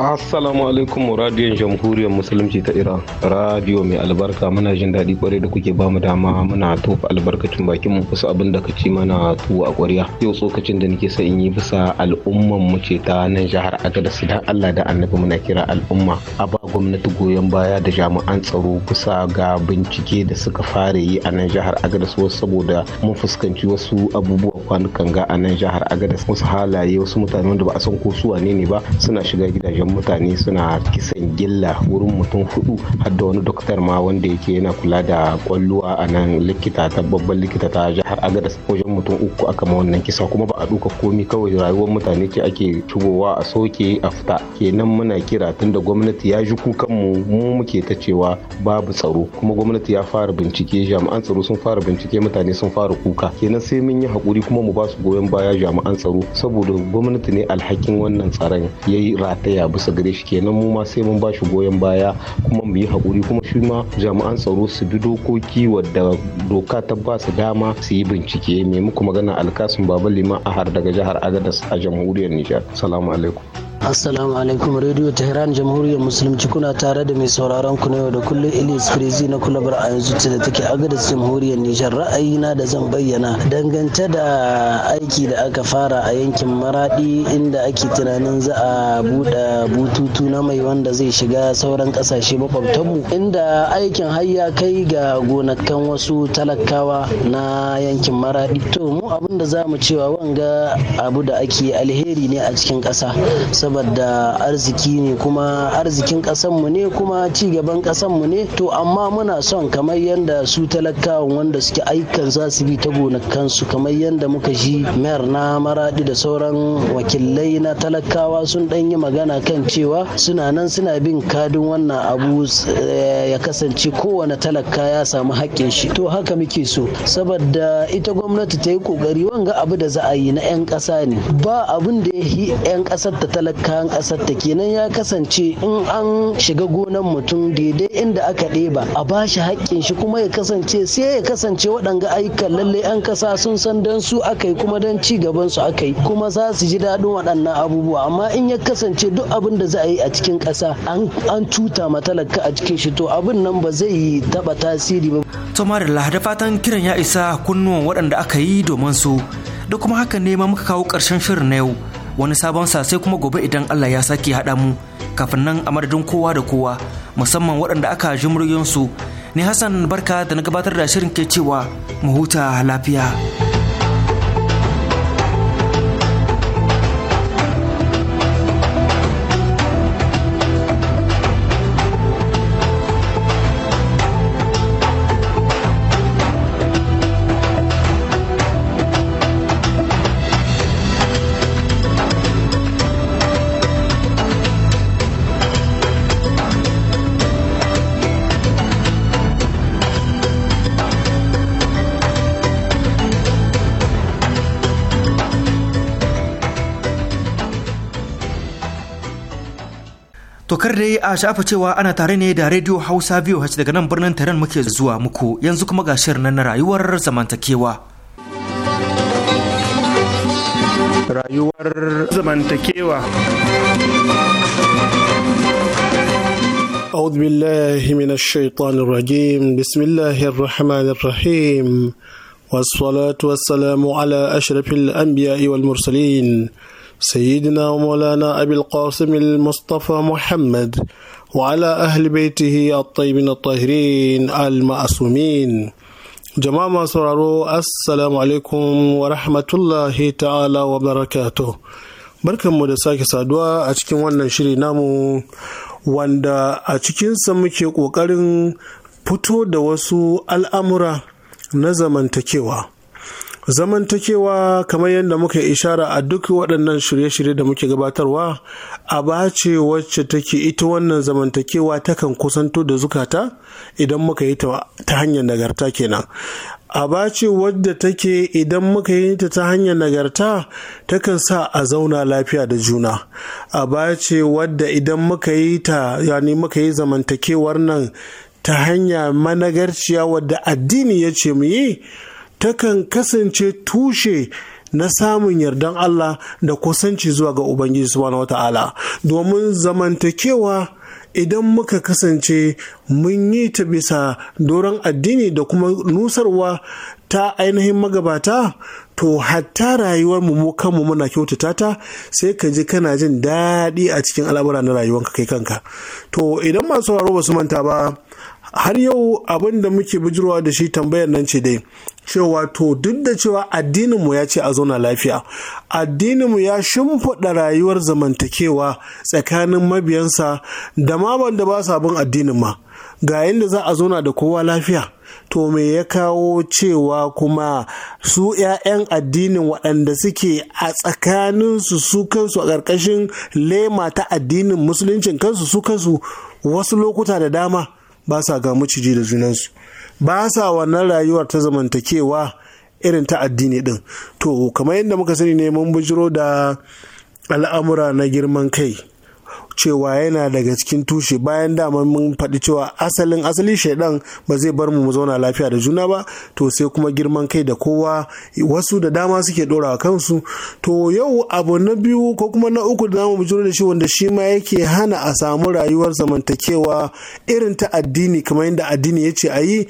Assalamu alaikum radiyon jamhuriyar musulunci ta Iran. Radiyo mai albarka muna jin daɗi kwarai da kuke bamu dama muna tofa albarkacin bakin mu wasu abin da ka ci mana tuwo a ƙwarya. Yau tsokacin da nake sa in yi bisa al'umman mu ce ta nan jihar Agadez dan Allah da Annabi muna kira al'umma a ba gwamnati goyon baya da jami'an tsaro bisa ga bincike da suka fara yi a nan jihar Agadez wasu saboda mun fuskanci wasu abubuwa kwanukan ga a nan jihar Agadez wasu halaye wasu mutane wanda ba a san ko su wane ne ba suna shiga gidajen mutane suna kisan gilla wurin mutum hudu har da wani doktor ma wanda yake yana kula da kwalluwa a nan likita ta babban likita ta jihar agadas wajen mutum uku aka ma wannan kisa kuma ba a duka komi kawai rayuwar mutane ce ake shigowa a soke a fita kenan muna kira tunda gwamnati ya ji kukan mu mu muke ta cewa babu tsaro kuma gwamnati ya fara bincike jami'an tsaro sun fara bincike mutane sun fara kuka kenan sai mun yi hakuri kuma mu ba su goyon baya jami'an tsaro saboda gwamnati ne alhakin wannan tsaron yayi rataya rataya kusa gare shi kenan mu ma sai mun ba shi goyon baya kuma mu yi haƙuri kuma shi ma jami'an tsaro su bi dokoki wadda doka ta ba su dama su yi bincike muku magana alkasun babalima liman ahar daga jihar agadas a jamhuriyar nijar salamu alaikum Assalamu alaikum Radio Tehran Jamhuriyar Musulunci kuna tare da mai sauraron ku na yau da kullum Ilyas frizi na kulabar a yanzu da take agadis Jamhuriyar Nijar na da zan bayyana dangance da aiki da aka fara a yankin Maradi inda ake tunanin za a buɗe bututu na mai wanda zai shiga sauran ƙasashe mu inda aikin hayya kai ga gonakan wasu talakawa na yankin Maradi to mu abin da za mu cewa wanga abu da ake alheri ne a cikin ƙasa da arziki ne kuma arzikin mu ne kuma ci gaban mu ne to amma muna son kamar yadda su talakawa wanda suke aikan za su bi ta gonakansu kamar yadda muka ji mayar na maradi da sauran wakilai na talakawa sun dan yi magana kan cewa suna nan suna bin kadin wannan abu eh, ya kasance kowane talaka ya samu haƙƙin shi to haka muke so saboda ita gwamnati ta yi ƙoƙari wanga abu da za a yi na 'yan ƙasa ne ba abin da ya yi 'yan ƙasar ta talaka kayan ƙasar ta kenan ya kasance in an shiga gonan mutum daidai inda aka ɗeba a ba shi haƙƙin shi kuma ya kasance sai ya kasance waɗanga ayyukan lallai an kasa sun san dan su aka yi kuma dan ci gaban su aka yi kuma za su ji daɗin waɗannan abubuwa amma in ya kasance duk abin da za a yi a cikin ƙasa an cuta matalaka a cikin shi to abin nan ba zai yi taɓa tasiri ba. to da fatan kiran ya isa kunnuwan waɗanda aka yi domin su da kuma haka ne ma muka kawo ƙarshen shirin na yau wani sabon sa sai kuma gobe idan Allah ya sake haɗa mu kafin nan a madadin kowa da kowa musamman waɗanda aka ji muryoyinsu ne Hassan barka da na gabatar da shirin ke cewa mu huta lafiya. kar dai a shafa cewa ana tare ne da Radio Hausa VOH daga nan birnin Tehran muke zuwa muku yanzu kuma ga shirin na rayuwar zamantakewa. Rayuwar zamantakewa. أعوذ بالله من الشيطان الرجيم بسم الله الرحمن الرحيم والصلاة والسلام على أشرف الأنبياء والمرسلين سيدنا ومولانا أبي القاسم المصطفى محمد وعلى أهل بيته الطيبين الطاهرين المأسومين jama'a masu sauraro assalamu alaikum wa rahmatullahi ta'ala wa barakatuh barkanmu da sake saduwa a cikin wannan shiri namu wanda a cikinsa muke ƙoƙarin fito da wasu al'amura na zamantakewa zamantakewa kamar yadda muka ishara a duk waɗannan shirye-shirye da muke gabatarwa a bace wacce take ita wannan zamantakewa takan kusanto da zukata idan muka yi ta hanyar nagarta kenan a bace wadda take idan muka yi ta ta hanyar nagarta takan sa a zauna lafiya da juna a bace wadda idan muka yi ta yani muka yi zamantakewar nan ta hanya managarciya wadda addini ya ce mu yi takan kasance tushe na samun yardan Allah da kusanci zuwa ga Ubangiji subhanahu wata'ala domin zamantakewa idan muka kasance mun yi ta bisa doron addini da kuma nusarwa ta ainihin magabata to hatta rayuwar mu kanmu muna kyautata ta sai ka ji kana jin daɗi a cikin al'amura na rayuwanka kai kanka to idan masu sauraro ba su manta ba har yau abin da muke bijirwa da shi tambayar nan ce dai cewa to duk da cewa addininmu ya ce a zauna lafiya addininmu ya shimfiɗa rayuwar zamantakewa tsakanin mabiyansa da ma da ba sa bin addinin ma ga yadda za a zauna da kowa lafiya to me ya kawo cewa kuma su 'ya'yan addinin waɗanda suke a tsakaninsu su kansu a ƙarƙashin lema ta addinin musuluncin kansu su kansu wasu lokuta da dama ba sa ga maciji da junansu ba sa wannan rayuwar ta zamantakewa irin ta addini din to kamar yadda muka sani ne mun bujiro da al'amura na girman kai cewa yana daga cikin tushe bayan dama mun faɗi cewa asalin asali shaidan ba zai bar mu zauna lafiya da juna ba to sai kuma girman kai da kowa wasu da dama suke ɗorawa kansu to yau abu na biyu ko kuma na uku da zamu bujuro da shi wanda shi ma yake hana a samu rayuwar zamantakewa irin ta addini kamar yadda addini ya ce a yi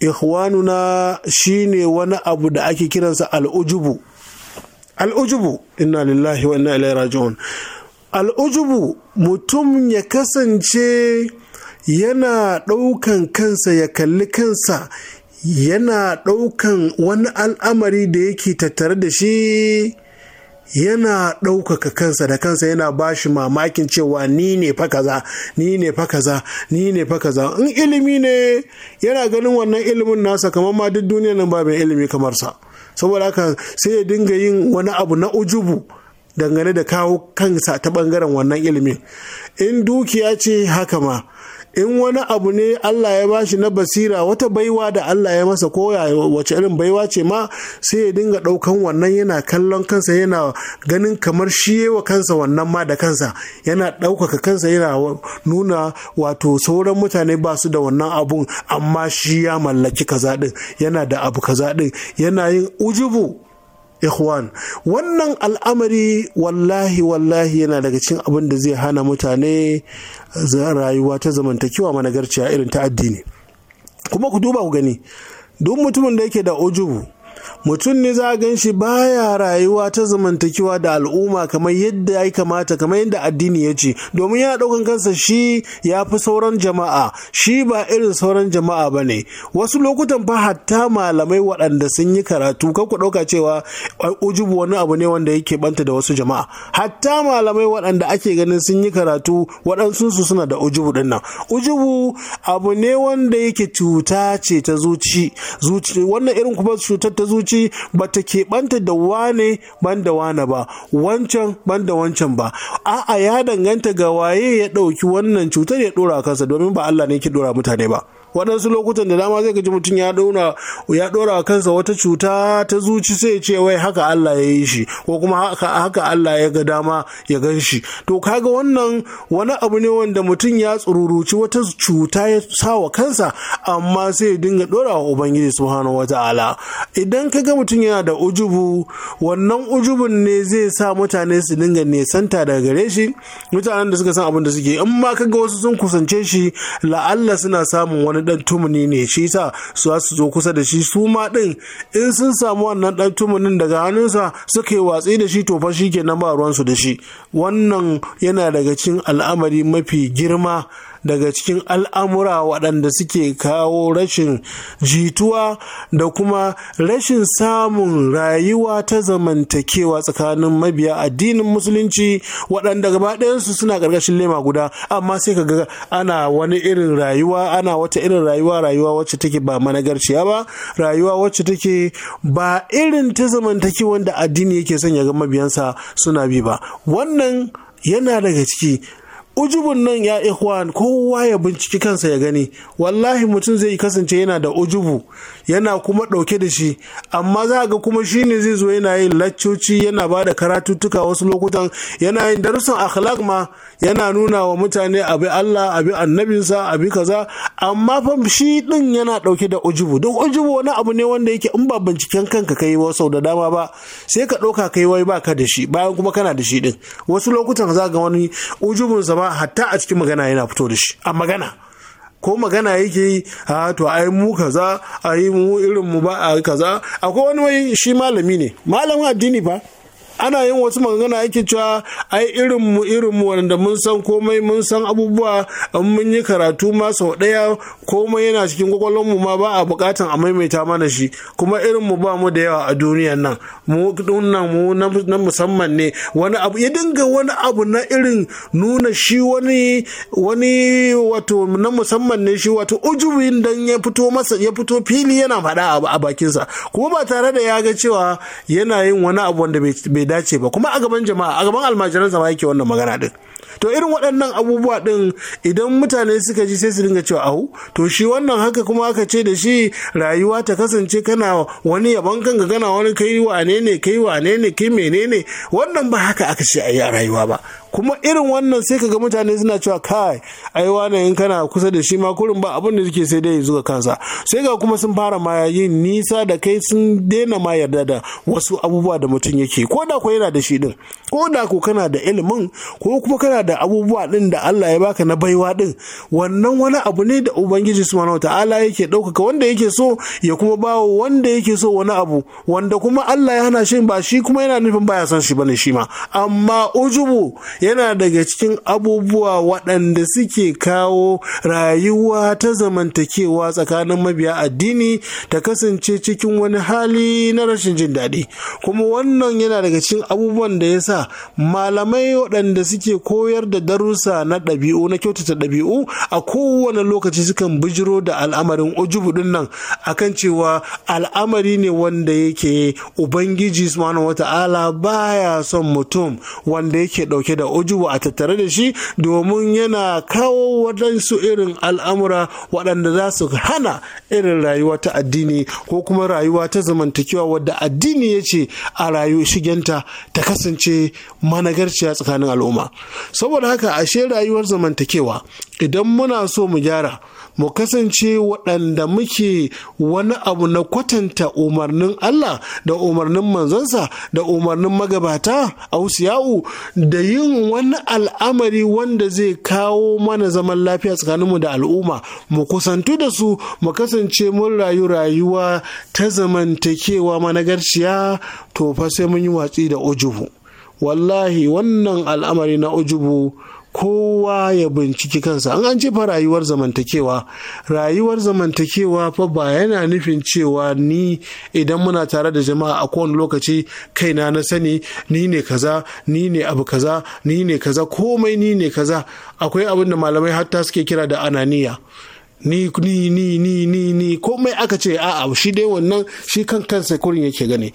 ikhwanuna shine wani abu da ake kiransa al'ujubu al'ujubu inna lillahi wa inna ilaihi raji'un al'ujubu mutum ya kasance yana ɗaukan kansa ya kalli kansa yana ɗaukan wani al'amari da yake tattare da shi yana ɗaukaka kansa da kansa yana ba shi mamakin cewa ni ne fa kaza ni ne fa kaza ni ne fa kaza in ilimi ne yana ganin wannan ilimin nasa kamar ma duk duniya nan ba mai ilimi kamar sa saboda haka sai ya dinga yin wani abu na ujubu dangane da kawo kansa ta bangaren wannan ilimin in dukiya ce haka ma in wani abu ne Allah ya bashi na basira wata baiwa da Allah ya masa koya wace irin baiwa ce ma sai ya dinga ɗaukan wannan yana kallon kansa yana ganin kamar shi wa kansa wannan ma da kansa yana ɗaukaka kansa yana nuna wato sauran mutane ba su da wannan abun amma shi ya mallaki kaza ɗin yana da abu kaza ɗin yana yin ujubu ikhwan wannan al'amari wallahi wallahi yana daga cikin abin da zai hana mutane rayuwa ta zamantakewa managarciya irin ta addini kuma ku duba ku gani duk mutumin da yake da ujubu mutum ne za gan shi baya rayuwa ta zamantakewa da al'umma kamar yadda ya kamata kamar yadda addini ya ce domin ya ɗaukan kansa shi ya fi sauran jama'a shi ba irin sauran jama'a ba ne wasu lokutan fa hatta malamai waɗanda sun yi karatu kan ku ɗauka cewa ujubu wani abu ne wanda yake banta da wasu jama'a hatta malamai waɗanda ake ganin sun yi karatu waɗansu su suna da ujubu ɗin nan ujubu abu ne wanda yake cuta ce ta zuci zuci wannan irin kuma cutar ta zuci ba ta keɓanta da wane ban da wane ba wancan ban da wancan ba a'a ya danganta ga waye ya ɗauki wannan cutar ya ɗora kansa domin ba Allah ne ke ɗora mutane ba. waɗansu lokutan da dama zai gaji mutum ya ɗora ya ɗora kansa wata cuta ta zuci sai ce wai haka Allah ya yi shi ko kuma haka Allah ya ga dama ya gan shi to kaga wannan wani abu ne wanda mutum ya tsururuci wata cuta ya sa wa kansa amma sai ya dinga ɗora wa ubangiji subhanahu ta'ala idan kaga mutum yana da ujubu wannan ujubun ne zai sa mutane su dinga nesanta daga gare shi mutanen da suka san abin da suke in ma kaga wasu sun kusance shi la'alla suna samun wani wani dan tumuni ne shi sa su su zo kusa da shi su ma din in sun samu wannan dan tumunin daga hannunsa suka yi watsi da shi to fa shikenan ba ruwansu da shi wannan yana daga cikin al'amari mafi girma daga cikin al'amura waɗanda suke kawo rashin jituwa da kuma rashin samun rayuwa ta zamantakewa tsakanin mabiya addinin musulunci waɗanda gaba ɗayansu suna ƙarƙashin lema guda amma sai ka ga ana wani irin rayuwa ana wata irin rayuwa rayuwa wacce take ba managarciya ba rayuwa wacce take ba irin ta zamantakewa da addini yake son ya ga mabiyansa suna bi ba wannan yana daga ciki ujubun nan ya ikhwan kowa ya binciki kansa ya gani wallahi mutum zai kasance yana da ujubu yana kuma ɗauke da shi amma za ga kuma shi ne zai zo yana yin laccoci yana ba da karatuttuka wasu lokutan yana yin darussan akhlaq ma yana nuna wa mutane abi Allah abi annabinsa abi kaza amma fa shi din yana ɗauke da ujubu duk ujubu wani abu ne wanda yake in ba binciken kanka kai wa sau da dama ba sai ka ɗauka kai wai baka da shi bayan kuma kana da shi din wasu lokutan za ga wani ujubun sa ba hatta a cikin magana yana fito da shi a magana ko magana yake yi a to ai mu kaza ai mu irin mu ba a kaza akwai wani shi malami ne malamin addini ba ana yin wasu magana ake cewa ai irin mu irin mu wanda mun san komai mun san abubuwa in mun yi karatu ma sau daya komai yana cikin kwakwalwar mu ma ba a bukatan a maimaita mana shi kuma irin mu ba mu da yawa a duniyan nan mu dunnan mu na musamman ne wani abu ya dinga wani abu na irin nuna shi wani wani wato na musamman ne shi wato ujubin dan ya fito masa ya fito fili yana faɗa a bakinsa kuma ba tare da ya ga cewa yana yin wani abu wanda bai dace ba kuma a gaban jama'a a gaban almajiran zama yake wannan magana din to irin waɗannan abubuwa din idan mutane suka ji sai su dinga cewa ahu to shi wannan haka kuma aka ce da shi rayuwa ta kasance kana wani yaban kanka kana wani kai wane ne kai wane ne kai menene wannan ba haka aka ce a yi a rayuwa ba kuma irin wannan sai kaga mutane suna cewa kai ai wane in kana kusa da shi ma kurin ba abin da yake sai dai zuwa kansa sai ga kuma sun fara ma yin nisa da kai sun daina ma yarda da wasu abubuwa da mutum yake ko da ko yana da shi din ko da ko kana da ilimin ko kuma kana da abubuwa din da Allah ya baka na baiwa din wannan wani abu ne da ubangiji subhanahu ta'ala yake daukaka wanda yake so ya kuma ba wanda yake so wani abu wanda kuma Allah ya hana shi ba shi kuma yana nufin baya son shi bane shi ma amma ujubu yana daga cikin abubuwa waɗanda suke kawo rayuwa ta zamantakewa tsakanin mabiya addini ta kasance cikin wani hali na rashin jin daɗi kuma wannan yana daga cikin abubuwan da ya sa malamai waɗanda suke koyar da darussa na ɗabi'u na kyautata ɗabi'u a kowane lokaci sukan bijiro da al'amarin ujubu ɗin nan akan cewa al'amari ne wanda yake ubangiji subhanahu wata'ala baya son mutum wanda yake ɗauke da ujubu a tattare da shi domin yana kawo waɗansu irin al'amura waɗanda za su hana irin rayuwa ta addini ko kuma rayuwa ta zamantakewa wadda addini ya ce a rayu shigenta ta kasance managarciya tsakanin al'umma saboda haka ashe rayuwar zamantakewa idan muna so mu gyara mu kasance waɗanda muke wani abu na kwatanta umarnin Allah da umarnin Manzonsa da umarnin magabata ausiya'u da yin wani al'amari wanda zai kawo mana zaman lafiya tsakaninmu da al'umma mu kusantu da su mu kasance mun rayu rayuwa ta zamantakewa managarciya to fa sai mun yi watsi da ujubu wallahi wannan al'amari na ujubu kowa ya binciki kansa an an jefa rayuwar zamantakewa rayuwar zamantakewa fa ba yana nufin cewa ni idan muna tare da jama'a a kowane lokaci kaina na sani ni ne kaza ni ne abu kaza ni ne kaza komai ni ne kaza akwai abin da malamai hatta suke kira da ananiya ni ni ni ni ni komai aka ce a'a shi dai wannan shi kan kansa kurin yake gane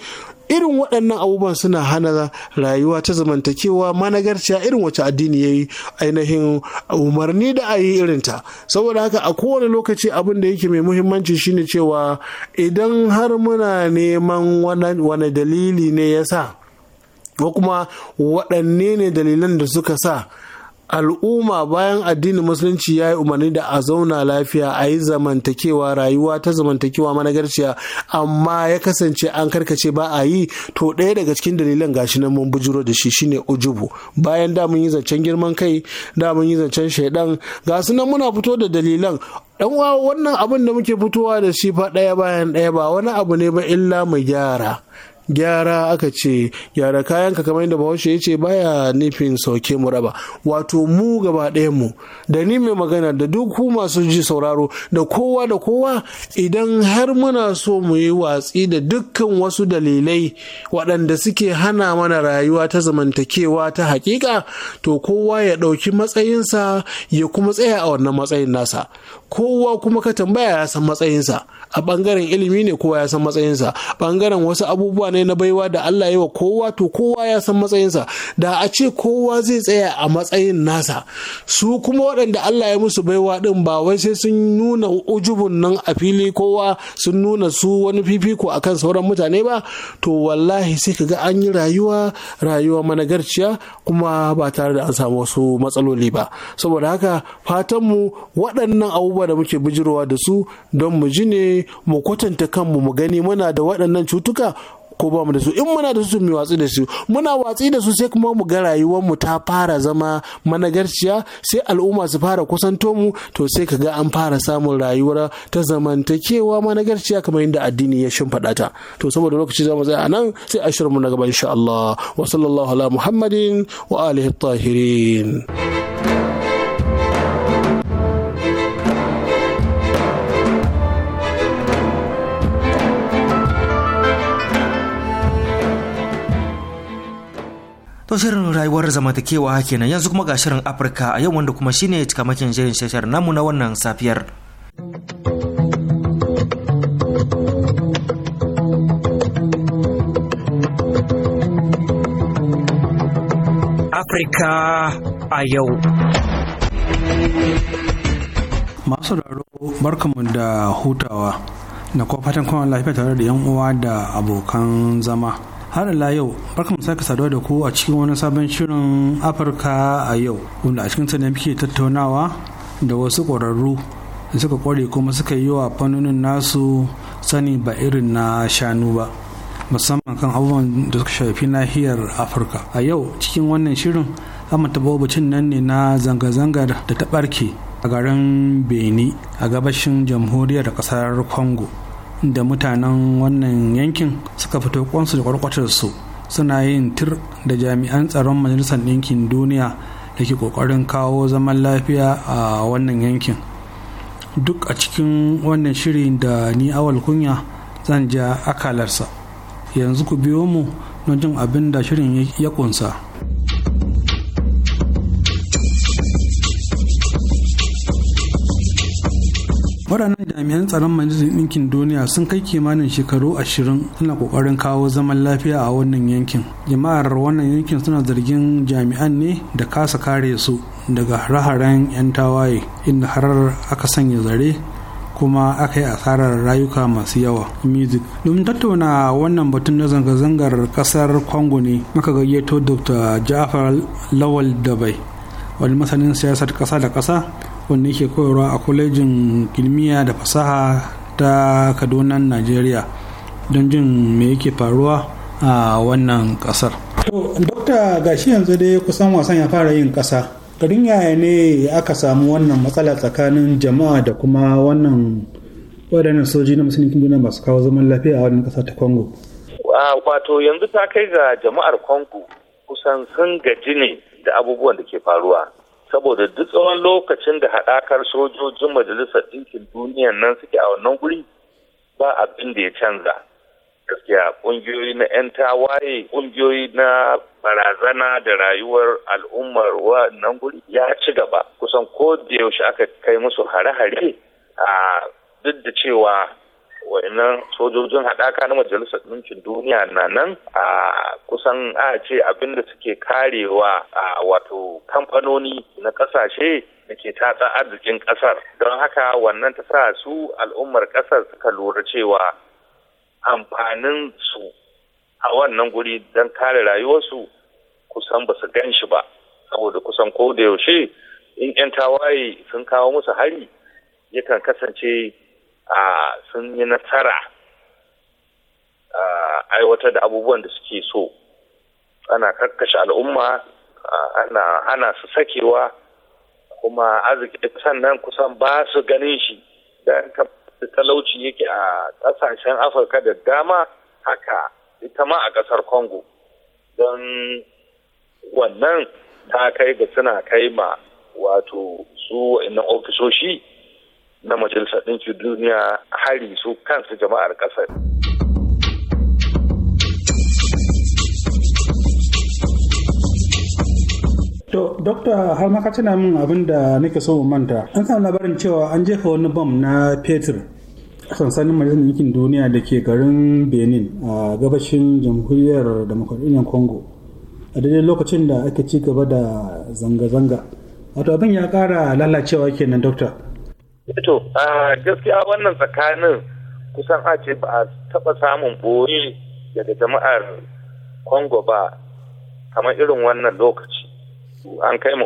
irin waɗannan abubuwan suna hana rayuwa ta zamantakewa managarciya irin wacce addini ya yi ainihin umarni da a yi irinta saboda haka a kowane lokaci abin da yake mai muhimmanci shine cewa idan har muna neman wani dalili ne ya sa ko kuma waɗanne ne dalilan da suka sa al'umma bayan addinin musulunci ya yi umarni da a zauna lafiya a yi zamantakewa rayuwa ta zamantakewa managarciya amma ya kasance an karkace ba a yi to ɗaya daga cikin dalilan gashi nan mun bujuro da shi shine ujubu bayan da mun yi zancen girman kai da mun yi zancen shaidan ga su nan muna fito da dalilan dan uwa wannan abin da muke fitowa da shi fa ɗaya bayan ɗaya ba wani abu ne ba illa mu gyara gyara aka ce gyara kayanka kamar yadda bahaushe ya ce baya nufin sauke mu raba wato mu gaba ɗaya mu da ni mai magana da duk ku masu ji sauraro da kowa da kowa idan har muna so mu yi watsi da dukkan wasu dalilai waɗanda suke hana mana rayuwa ta zamantakewa ta hakika to kowa ya ɗauki matsayinsa ya kuma tsaya a wannan matsayin nasa kowa kuma ka tambaya ya san matsayinsa a bangaren ilimi ne kowa ya san matsayinsa Ɓangaren wasu abubuwa ne na baiwa da Allah yi wa kowa to kowa ya san matsayinsa da a ce kowa zai tsaya a matsayin nasa su kuma waɗanda Allah ya musu baiwa ɗin ba wai sai sun nuna ujubun nan a fili kowa sun nuna su wani fifiko a kan sauran mutane ba to wallahi sai kaga an yi rayuwa rayuwa managarciya kuma ba tare da an samu wasu matsaloli ba saboda haka fatanmu waɗannan abubuwa da muke bijirowa da su don mu ji ne mu kwatanta kanmu mu gani muna da waɗannan cutuka ko ba mu da su in muna da su mu watsi da su muna watsi da su sai kuma mu ga rayuwar mu ta fara zama managarciya sai al'umma su fara kusanto mu to sai ka ga an fara samun rayuwar ta zamantakewa managarciya kamar yadda addini ya shimfaɗa ta to saboda lokaci zamu tsaya a nan sai a mu na gaba insha Allah wa sallallahu ala muhammadin wa alihi tahirin To shirin rayuwar zamantakewa kenan yanzu kuma ga shirin Afirka a yau wanda kuma shine cikamakin shirin shashar namu na wannan safiyar. Afirka a yau. Masu raro barkamu da hutawa da kuma kwanan lafiya tare da 'yan uwa da abokan zama. har la yau barkamu sake saduwa da ku a cikin wani sabon shirin afirka a yau wanda a cikin ne muke tattaunawa da wasu ƙwararru da suka ƙware kuma suka yi wa fannonin nasu sani ba irin na shanu ba musamman kan abubuwan da suka shafi nahiyar afirka a yau cikin wannan shirin amma taɓa bacin nan ne na zanga-zangar da ta barke a garin beni a gabashin jamhuriyar ƙasar congo da mutanen wannan yankin suka fito kwansu da kwarkwatarsu suna yin tir da jami'an tsaron majalisar ɗinkin duniya da ke ƙoƙarin kawo zaman lafiya a wannan yankin duk a cikin wannan shiri da ni awal kunya zan ja akalarsa yanzu ku biyo mu don jin abin da shirin ya kunsa. waɗannan jami'an tsaron majalisar ɗinkin duniya sun kai kimanin shekaru ashirin suna ƙoƙarin kawo zaman lafiya a wannan yankin jama'ar wannan yankin suna zargin jami'an ne da kasa kare su daga hare 'yan tawaye inda harar aka sanya zare kuma aka yi asarar rayuka masu yawa music domin tattauna wannan batun na zanga-zangar kasar congo ne maka gayyato dr jafar lawal dabai wani masanin siyasar kasa da kasa wanda yake koyarwa a kwalejin kimiyya da fasaha ta kaduna najeriya don jin me yake faruwa a wannan kasar to dokta gashi yanzu dai kusan wasan ya fara yin kasa garin yaya ne aka samu wannan matsala tsakanin jama'a da kuma wannan waɗannan soji na musulunci duniya masu kawo zaman lafiya a wannan ƙasa ta congo wato yanzu ta kai ga jama'ar congo kusan sun gaji ne da abubuwan da ke faruwa saboda duk tsawon lokacin da haɗakar sojojin majalisar ɗinkin duniya nan suke a wannan guri ba abin da ya canza gaskiya ƙungiyoyi na 'yan tawaye ƙungiyoyi na barazana da rayuwar al'ummar wannan guri ya ci gaba kusan ko da yaushe aka kai musu hare-hare a duk da cewa wa'annan sojojin haɗaka na majalisar ɗinkin duniya na nan a kusan a ce abinda suke karewa a wato kamfanoni na ƙasashe da ke tatsa arzikin ƙasar don haka wannan ta sa su al'ummar ƙasar suka lura cewa amfanin su a wannan guri don kare rayuwarsu kusan ba su gan shi ba saboda kusan ko da yaushe in 'yan tawaye sun kawo musu hari yakan kasance sun yi nasara aiwatar da abubuwan da suke so ana karkashe al'umma ana hana su sakewa kuma arziki sannan kusan ba su ganin shi don talauci yake a ƙasashen afirka da dama haka ita ma a ƙasar congo don wannan ta kai ga suna kai ma wato su wa'annan ofisoshi na majalisar ɗinkin duniya hari su kansu jama'ar ƙasar. To, Dokta har maka tana min abin da nake so manta. An samu labarin cewa an jefa wani bom na fetur a sansanin majalisar ɗinkin duniya da ke garin Benin a gabashin jamhuriyar demokradiyyar Congo. A daidai lokacin da ake ci gaba da zanga-zanga. Wato abin ya ƙara lalacewa kenan, Dokta. Eh, to gaskiya wannan tsakanin kusan a ce ba a taɓa samun bori daga jama'ar congo ba kamar irin wannan lokaci an kai ma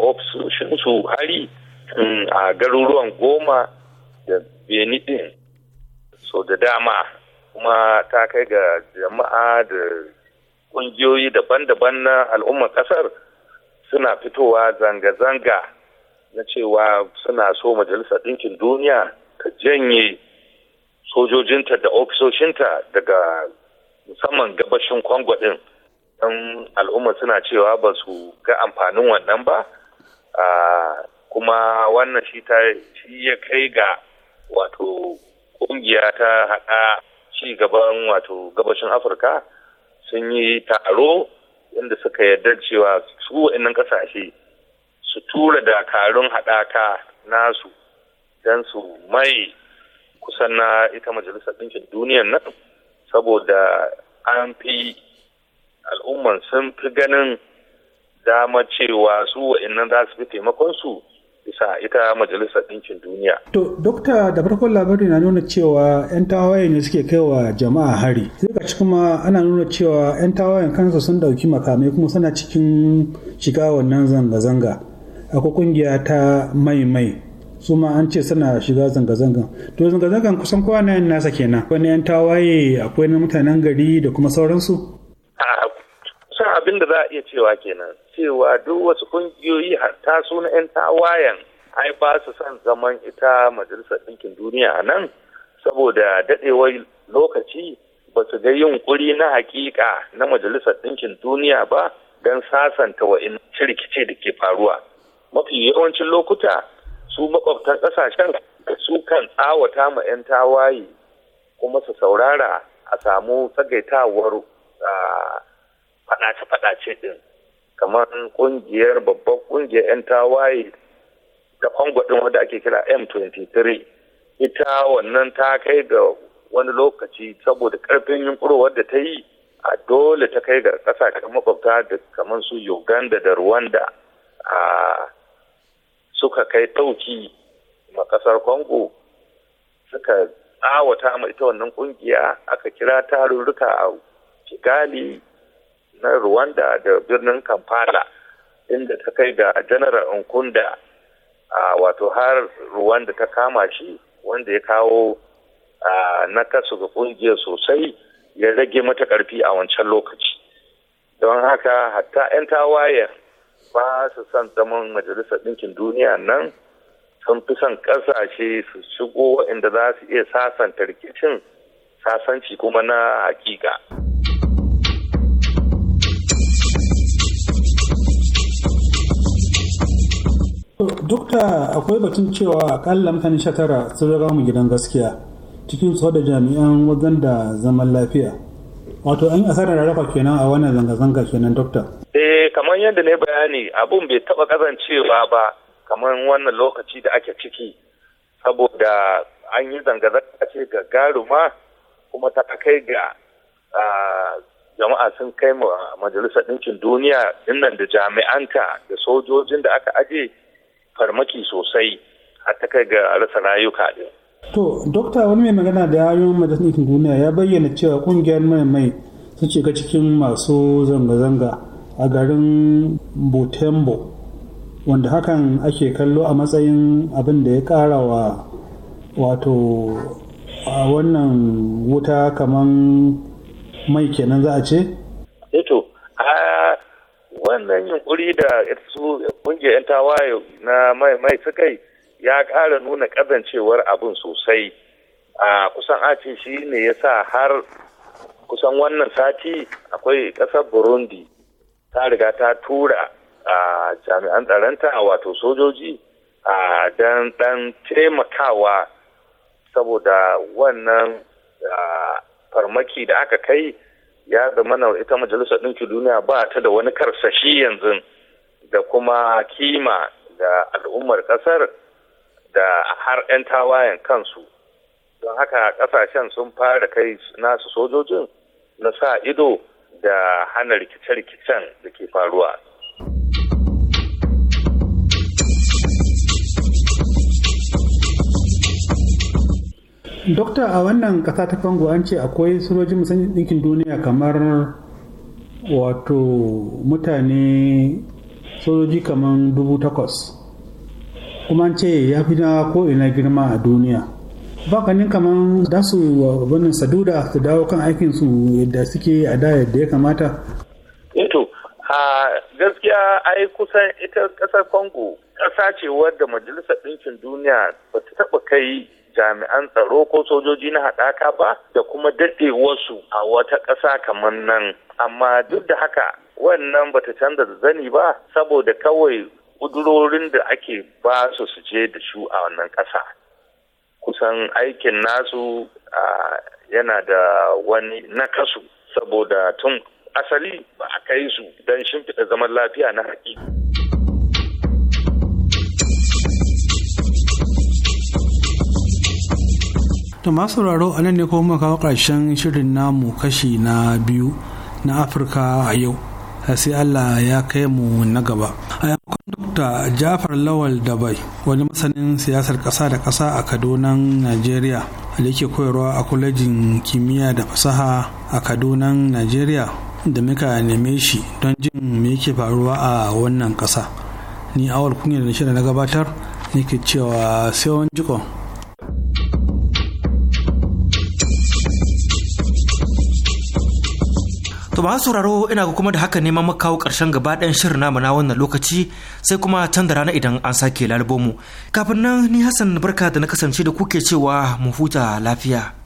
su hari mm, a garuruwan goma da benin so da dama kuma ta kai ga jama'a da kungiyoyi daban-daban na al'ummar ƙasar, suna fitowa zanga-zanga na cewa suna so majalisar ɗinkin duniya ta janye sojojinta da ofisoshinta daga musamman gabashin kwango ɗin don al'umma suna cewa ba su ga amfanin wannan ba kuma wannan shi ya kai ga wato ƙungiya ta haɗa ci gaban wato gabashin afirka sun yi taro inda suka yarda cewa su nan ƙasashe su tura dakarun haɗaka nasu don su mai kusan na ita majalisar ɗinkin duniyan nan saboda an fi al'umman sun fi ganin dama cewa su wa'annan za su fi taimakon bisa ita majalisar ɗinkin duniya. To, dokta da farkon labari na nuna cewa 'yan tawaye ne suke kai wa jama'a hari. Sai ga kuma ana nuna cewa 'yan tawayen kansu sun ɗauki makamai kuma suna cikin shiga wannan zanga-zanga. akwai kungiya ta mai mai su ma an ce suna shiga zanga zanga to zanga-zangan kusan kowa na nasa kenan wani yan tawaye akwai na mutanen gari da kuma sauransu 'a abin da za a iya cewa kenan cewa duk wasu kungiyoyi hatta su na yan tawayen ai ba su son zaman ita majalisar ɗinkin duniya a nan saboda daɗewar lokaci ba su ga yunkuri na hakika na majalisar ɗinkin duniya ba don sasanta wa'in rikice da ke faruwa mafi yawancin lokuta su makwabtan ƙasashen su kan tsawata ma 'yan tawaye kuma su saurara a samu tsagaitawar faɗace-faɗace ɗin kamar kungiyar babbar ƙungiyar 'yan tawaye ta kwangwadin wadda ake kira m23 ita wannan ta kai ga wani lokaci saboda ƙarfin yunkurowar da ta yi a dole ta kai ga ƙasashen makwabta da kamar su uganda da rwanda a suka kai ɗauki ma ƙasar Congo suka tsawata ma ita wannan ƙungiya aka kira tarurruka a Kigali na Rwanda da birnin Kampala inda ta kai ga General Nkunda a wato har Rwanda ta kama shi wanda ya kawo na kasu ga ƙungiyar sosai ya rage mata ƙarfi a wancan lokaci. Don haka hatta 'yan tawayen ba su son zaman majalisar ɗinkin duniya nan sun fi son ƙasashe su shigo inda za su iya sasanta rikicin sasanci kuma na hakika. duk da akwai batun cewa akalla mutane sha tara sun riga mu gidan gaskiya cikin su da jami'an wajen da zaman lafiya wato an yi asarar rarraba kenan a wannan zanga-zanga kenan dokta Eh kamar yadda na bayani abun bai taɓa kazancewa ba kamar wannan lokaci da ake ciki saboda an yi zanga-zanga ce gagaruma kuma ta kai ga jama'a sun kai majalisar Dinkin duniya dinnan da jami'anta da sojojin da aka aje farmaki sosai har ta kai ga rasa rayuka ɗin. To, Dokta wani mai magana da yayin majalisar ɗinkin duniya ya bayyana cewa ƙungiyar mai mai su ce cikin masu zanga-zanga a garin botembo wanda hakan ake kallo a matsayin abin da ya ƙara wa wato a wannan wuta kaman mai kenan za a ce? eto eh a wannan yunkuri da su kungiyar 'yan tawaye na mai mai suka yi ya ƙara nuna ƙazancewar abin sosai a kusan ace shi ne ya sa har kusan wannan sati akwai ƙasar burundi ta riga ta tura a jami'an tsaronta wato sojoji a dan dan taimakawa saboda wannan farmaki da aka kai ya zama na ita majalisar ɗinki duniya ba ta da wani karsashi yanzu da kuma kima da al'ummar ƙasar da har 'yan tawayen kansu don haka ƙasashen sun fara kai nasu sojojin na sa ido da hana rikice-rikicen da ke faruwa. Dokta a wannan ƙasa ta Congo an ce akwai sojojin musamman ɗinkin duniya kamar wato mutane sojoji kamar dubu takwas kuma an ce ya fi na ko'ina girma a duniya. ba kamar kaman da su wannan saduda su dawo kan aikin su yadda suke a da yadda ya kamata eto eh a gaskiya ai kusan ita kasar congo ƙasa ce wadda majalisar ɗinkin duniya ba ta taɓa kai jami'an tsaro ko sojoji na haɗaka ba da kuma daɗewarsu a wata ƙasa kamar nan amma duk da haka wannan ba ta canza da zani ba saboda kawai ƙudurorin da ake ba su su je da shu a wannan ƙasa kusan aikin nasu yana da wani nakasu saboda tun asali ba a kai su don shimfiɗa zaman lafiya na haƙi. To masu raro a nan ne kuma kawo ƙarshen shirin namu kashi na biyu na Afirka a yau. sai Allah ya kai mu na gaba. dr jafar lawal dabai wani masanin siyasar ƙasa da ƙasa a kadunan najeriya da ke koyarwa a kwalejin kimiyya da fasaha a kadunan najeriya da muka neme shi don jin me yake faruwa a wannan ƙasa ni awal kunya da na gabatar ke cewa sai wani jikon To ba sauraro ina ga kuma da haka neman makawo karshen gaba ɗayan shirin namu na wannan lokaci sai kuma can da rana idan an sake lalubo mu. Kafin nan ni Hassan barka da na kasance da kuke cewa mu huta lafiya.